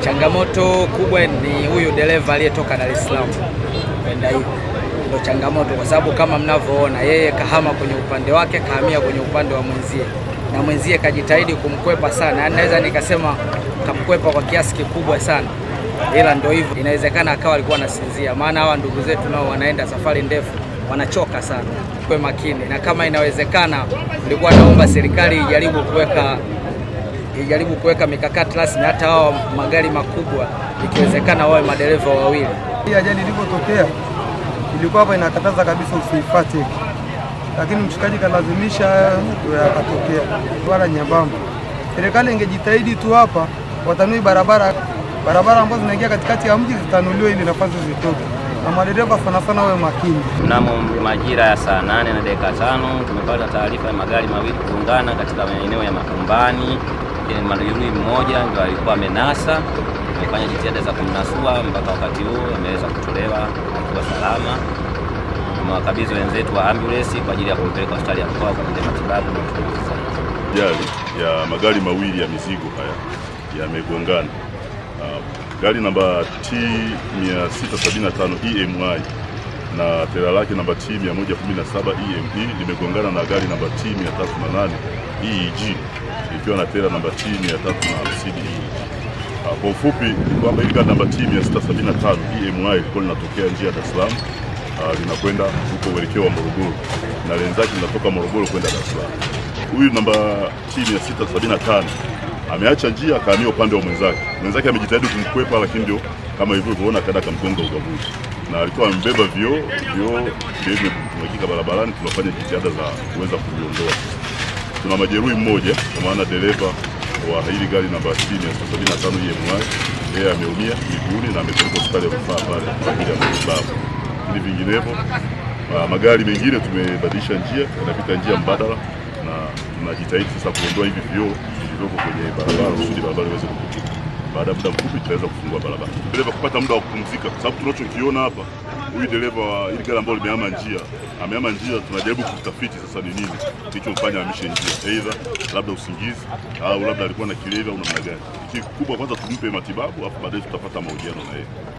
Changamoto kubwa ni huyu dereva aliyetoka Dar es Salaam kwenda hivi, ndio changamoto, kwa sababu kama mnavyoona yeye kahama kwenye upande wake, kahamia kwenye upande wa mwenzie, na mwenzie kajitahidi kumkwepa sana, yaani naweza nikasema kamkwepa kwa kiasi kikubwa sana, ila ndio hivyo, inawezekana akawa alikuwa anasinzia, maana hawa ndugu zetu nao wanaenda safari ndefu wanachoka sana. Kwa makini, na kama inawezekana, nilikuwa naomba serikali ijaribu kuweka ijaribu kuweka mikakati rasmi, hata wao magari makubwa ikiwezekana wawe madereva wawili. Hii ajali ilipotokea ilikuwa hapa inakataza kabisa usifate, lakini mshikaji kalazimisha, ndio yakatokea bara nyembamba. Serikali ingejitahidi tu hapa watanui barabara, barabara ambazo zinaingia katikati ya mji zitanuliwa ili nafasi zitoke, na madereva sana sana wawe makini. Mnamo majira ya saa nane na dakika tano tumepata taarifa ya magari mawili kuungana katika maeneo ya Makumbani lakini majeruhi mmoja ndio alikuwa amenasa. amefanya jitihada za kumnasua, mpaka wakati huu ameweza kutolewa akiwa salama. Tumewakabidhi wenzetu wa ambulance kwa ajili ya kumpeleka hospitali ya mkoa kwa ajili ya matibabu. Ajali ya magari mawili ya mizigo haya yamegongana. Uh, gari namba T 675 EMY na trela lake namba T 117 EME limegongana na gari namba T 308 EEG ikiwa na trela namba T 350 EEG. Ah, kwa ufupi ni kwamba hili gari namba T 675 EMY lilikuwa linatokea njia ya Dar es Salaam ah, linakwenda huko uelekeo wa Morogoro na lenzake linatoka Morogoro kwenda Dar es Salaam. Huyu namba T 675 ameacha njia akaamia upande wa mwenzake. Mwenzake amejitahidi kumkwepa, lakini ndio kama hivyo ulivyoona, kada akamgonga ubaguzi, na alikuwa amebeba vioo vioo ndio vimemwagika barabarani. Tunafanya jitihada za kuweza kuviondoa. Tuna majeruhi mmoja, kwa maana dereva wa hili gari namba 675 EMI yeye ameumia miguuni na amepelekwa hospitali ya rufaa pale kwa ajili ya matibabu, lakini vinginevyo ah, magari mengine tumebadilisha njia, yanapita njia mbadala, na tunajitahidi sasa kuondoa hivi vioo kidogo kwenye barabara kusudi barabara iweze kupitika. Baada ya muda mfupi tutaweza kufungua barabara. Dereva kupata muda wa kupumzika, kwa sababu tunachokiona hapa, huyu dereva wa ile gari ambayo limeama njia ameama njia, tunajaribu kutafiti sasa ni nini kilichomfanya amishe njia, aidha labda usingizi au labda alikuwa na kilevi au namna gani. Kikubwa kwanza tumpe matibabu, afu baadaye tutapata mahojiano na yeye.